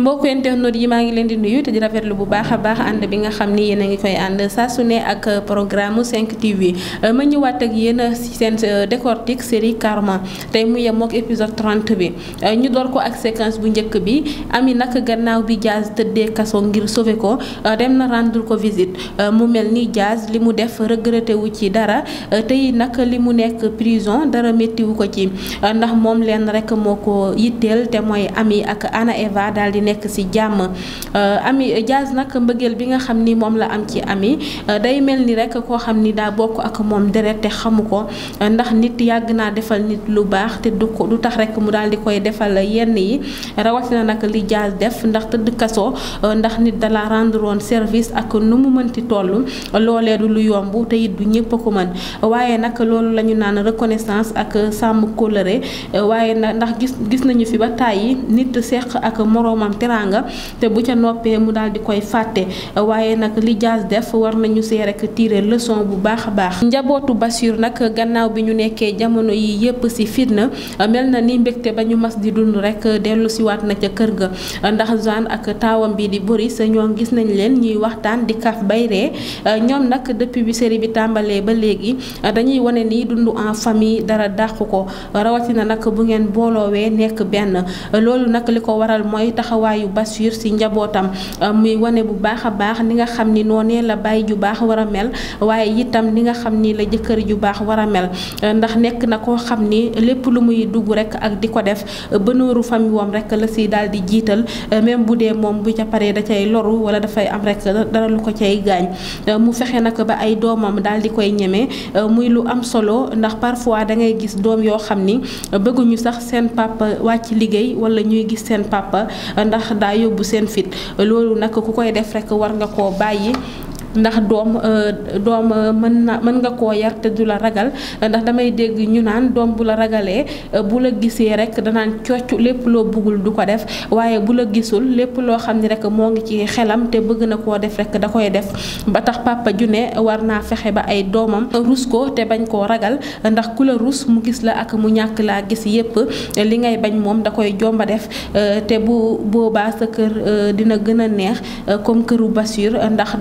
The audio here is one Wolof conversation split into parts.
mbokk internet yi maa ngi leen di nuyu te di rafetlu bu baax a baax ànd bi nga xam ni yéen a ngi koy ànd saa su ne ak euh, programme 5 TV euh, ma ñëwaat ak yéen ci euh, mu yem ak épisode 30 bi ñu door ko ak séquence bu njëkk bi ami nag gannaaw bi Diaz tëddee kaso ngir sove ko dem na rendre ko visite mu mel ni Diaz li mu def regretté wu ci dara tey nag li mu nekk prison dara méttiwu ko ci ndax moom leen rek moo ko yitteel te mooy ami ak Ana Eva daal di nekk si jàmm euh, ami jaas nag mbëggeel bi nga xam ni moom la am ci ami euh, day mel ni rek koo xam ni daa bokk ak moom deret te xamu ko ndax nit yàgg naa defal nit lu baax te du ko du tax rekk mu daal di koy defal yenn yi rawatina nag li Diaz def ndax tëdd kaso euh, ndax nit dala rendre woon service ak nu mu mënti toll loolee lu yomb te it du ñëpp ko mën waaye nag loolu lañu ñu naan reconnaissance ak sàmm kóllëre waaye ndax gis gis nañu fi ba tàyyi nit seq ak moroomam teraanga te bu ca noppee mu daal di koy fàtte waaye nag li Dias def war nañu see rek tiire leçon bu baax a baax. njabootu Bassirou nag gannaaw bi ñu nekkee jamono yi yépp ci fitna mel na ni mbégte ba ñu mas di dund rek dellu siwaat na ca kër ga ndax Jeanne ak taawam bi di Boris ñoom gis nañ leen ñuy waxtaan di kaf bay ñoom nag depuis bi série bi tàmbalee ba léegi dañuy wone nii dund en famille dara dàqu ko rawatina nag bu ngeen booloowee nekk benn taxawaayu Bachir si njabootam euh, muy wane bu baax a baax ni nga xam ni noonee la bàyyi ju baax war a mel waaye itam ni nga xam ni la jëkkër ju baax war a mel euh, ndax nekk na koo xam ni lépp lu muy dugg rek ak di ko def euh, bënooru famille wam rek la si daal di jiital même bu dee moom bu ca paree da cay loru wala dafay am rek dara lu ko cay gaañ mu fexe nag ba ay doomam daal di koy ñeme muy lu am solo ndax parfois da gis doom yoo xam ni bëgguñu sax seen papa wàcc ndax daa yóbbu seen fit loolu nag ku koy def rekk war nga koo bàyyi ndax doom euh, doom euh, mën na mën nga koo yar te du la ragal ndax damay dégg ñu naan doom bu la ragalee euh, bu la gisee rek danaan cocc lépp loo bëggul du ko def waaye bu la gisul lépp loo xam ni rek moo ngi ci xelam te bëgg na koo def rekk da koy def ba tax papa ju ne war naa fexe ba ay doomam rus ko te bañ koo ragal ndax ku la rus mu gis la ak mu ñàkk laa gis yépp li ngay bañ moom da koy jomba def te bu boobaa sa kër dina gën a neex comme këru basur ndax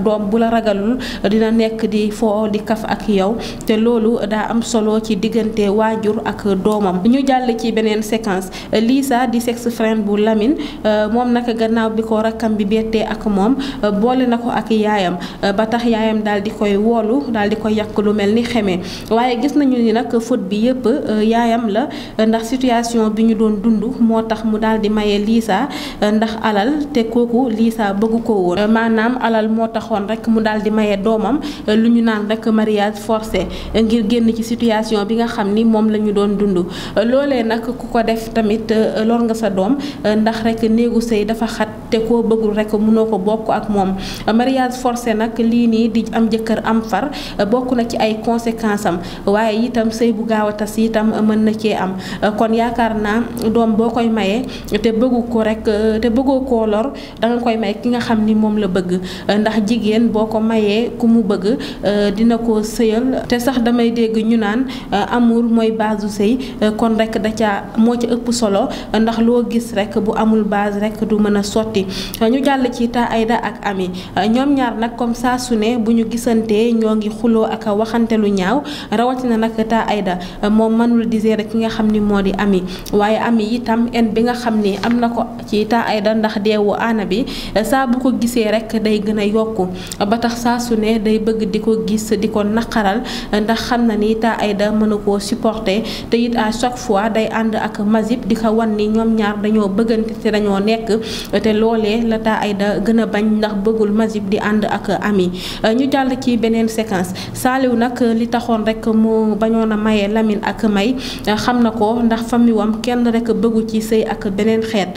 ragalul dina nekk di foo di kaf ak yow te loolu daa am solo ci diggante waajur ak doomam bu ñu jàll ci beneen séquence Lisa di sex friend bu Lamine euh, moom naka gannaaw bi ko rakkam bi bettee ak moom euh, boole na ko ak yaayam euh, ba tax yaayam daal di koy woolu daal di koy yàq lu mel ni xeme waaye gis nañu ni nag faute bi yëpp yaayam la ndax situation bi ñu doon dund moo tax mu dal di maye Lisa ndax alal te kooku Lisa bëgg ko woon maanaam alal moo taxoon rek dal di maye domam euh, luñu nan rek mariage forcé euh, ngir génn ci situation bi nga xamni ni lañu la doon dundu euh, lolé nak kuko def tamit lor nga sa dom ndax rek néegu sey dafa xat te ko bëggul rek mënoo ko bokk ak mom mariage forcé nak li ni di am jëkkër am far bokku na ci ay conséquences am waye itam sey bu gaaw tass itam mën na ci am kon yaakaar dom dom boo maye té bëggu ko rek te bëggo ko lor da nga koy may ki nga xamni ni la bëgg ndax jigen boko ko mayee ku mu bëgg euh, dina ko sëyal te sax damay dégg ñu naan euh, amour mooy base du sëy euh, kon rek da caa moo ca ëpp solo ndax loo gis rek bu amul base rek du mën a sotti ñu jàll ci taa Aida ak Ami ñoom ñaar nag comme saa su ne bu ñu gisantee ñoo ngi xuloo ak waxante lu ñaaw rawatina nag taa Aida moom mënul disee rek ki nga xam ni moo di Ami waaye Ami itam en bi nga xam ni am na ko ci taa Aida ndax deewu aana bi saa bu ko gisee rek day gën a yokku ba tax saa su ne day bëgg di ko gis di ko naqaral ndax xam na ni Taa Aida mënu koo supporté te it à chaque fois day ànd ak Mazib di ko wan ni ñoom ñaar dañoo bëggante te dañoo nekk te loolee la Taa Aida gën a bañ ndax bëggul Mazib di ànd ak Ami ñu jàll ci beneen séquence Saliou nag li taxoon rek mu bañoon a maye Lamine ak May xam na ko ndax famiwam kenn rek bëggul ci sëy ak beneen xeet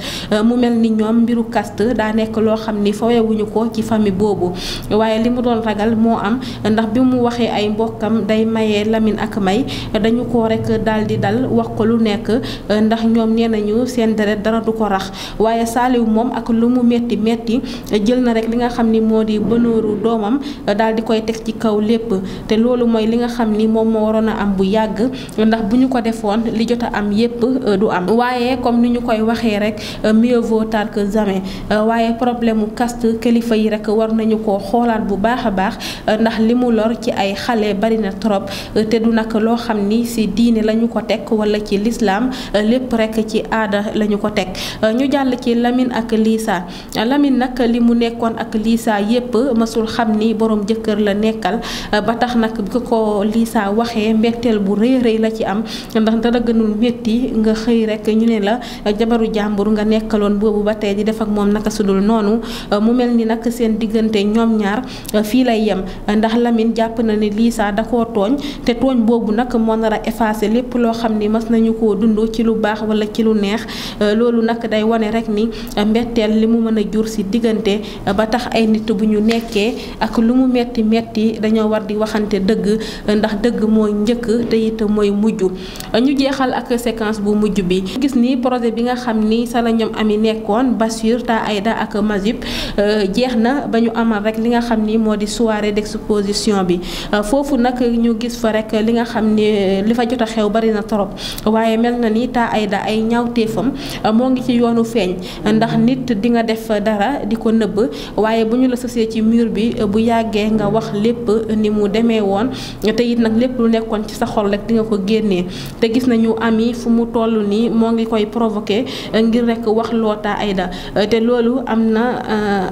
mu mel ni ñoom mbiru kast daa nekk loo xam ni fawewuñu ko ci famille boobu li mu doon ragal moo am ndax bi mu waxee ay mbokkam day maye Lamine ak may dañu ko rek daal di dal wax ko lu nekk ndax ñoom nee nañu seen deret dara du ko rax waaye Saliou moom ak lu mu metti metti jël na rek li nga xam ni moo di bënooru doomam daal di koy teg ci kaw lépp te loolu mooy li nga xam ni moom moo waroon a am bu yàgg ndax bu ñu ko defoon li jot a am yépp euh, du am waaye comme ni ñu koy waxee rek euh, mieux vaut tard que jamais euh, waaye problème mu caste kilifa yi rek war nañu ko xoolaat bu baakha baax euh, ndax limu lor ci ay xalé bari na trop euh, te du nak lo xamni ci si diine lañu ko tek wala ci l'islam euh, lepp rek ci aada lañu ko tek ñu jall ci lamine ak lisa lamine nak limu nekkon ak lisa yépp masul xamni ni borom jëkkeer la nekkal ba tax nak ko lisa waxee mbettel bu reey reey la ci am ndax dara gënul metti nga xey rek ñu ne la jabaru jambur nga nekkalon bobu ba di def ak mom nak sudul nonu mu melni nak seen diggante ñom ñaar fi lay yam ndax lamine japp na ni li sa koo togn te togn bobu nak mo na ra effacer lepp lo xamni mas nañu ko dundo ci lu bax wala ci lu neex euh, loolu nak day wone rek ni euh, mbettel limu meuna jur ci diggante euh, ba tax ay nit buñu nekké ak lu mu metti metti dañu war di waxante deug ndax deug moy ñeuk te it moy muju ñu jéxal ak séquence bu muju bi gis ni projet bi nga xamni sa la ñom ami nekkon basur ta ayda ak mazib jeexna bañu amal rek li nga xam ni moo di soirée d'exposition bi euh, foofu nag ñu gis fa rekk li nga xam ni euh, li fa jot a xew bari na trop waaye mel na ni taa Aida ay ñaawteefam euh, moo ngi ci yoonu feeñ ndax nit di nga def dara di ko nëbb waaye bu ñu la sësee ci mur bi bu yàggee nga wax lépp ni mu demee woon te it nag lépp lu nekkoon ci sa xol rek di nga ko génnee te gis nañu ami fu mu toll nii moo ngi koy provoqué ngir rek wax loo taa Aida te loolu am na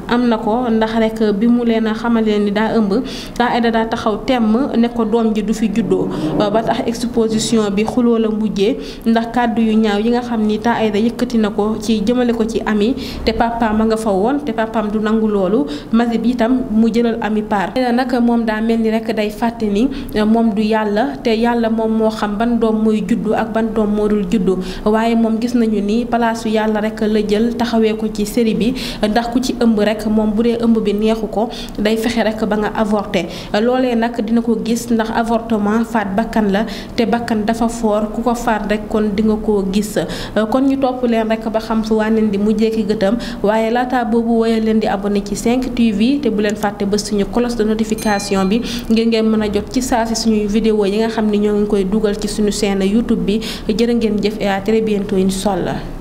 am na ko ndax rek bi mu leen xamal leen ni daa ëmb daa Aïda daa taxaw tem ne ko doom ji du fi juddoo ba tax exposition bi xuloo la mujjee ndax kàddu yu ñaaw yi nga xam ni taa Aïda yëkkati na ko ci jëmale ko ci ami te papaam a nga fa woon te papaam du nangu loolu masi bi itam mu jëlal ami part nag moom daa mel ni rek day fàtte ni moom du yàlla te yàlla moom moo xam ban doom mooy juddu ak ban doom moo dul juddu waaye moom gis nañu ni palaasu yàlla rek la jël taxawee ko ci série bi ndax ku ci ëmb rek moom dee ëmb bi neexu ko day fexe rek ba nga avorté loolee nag dina ko gis ndax avortement faat bakkan la te bakkan dafa foor ku ko faat rek kon di nga koo gis kon ñu topp leen rek ba xam su wànneen di mujjee ki gëtam waaye laata boobu woyal leen di abonné ci 5 TV te bu leen fàtte ba suñu cloche de notification bi ngir ngeen mën a jot ci saa si suñuy vidéo yi nga xam ni ñoo ngi koy dugal ci suñu chaîne YouTube bi jërë ngeen jëf et à très bientôt inshallah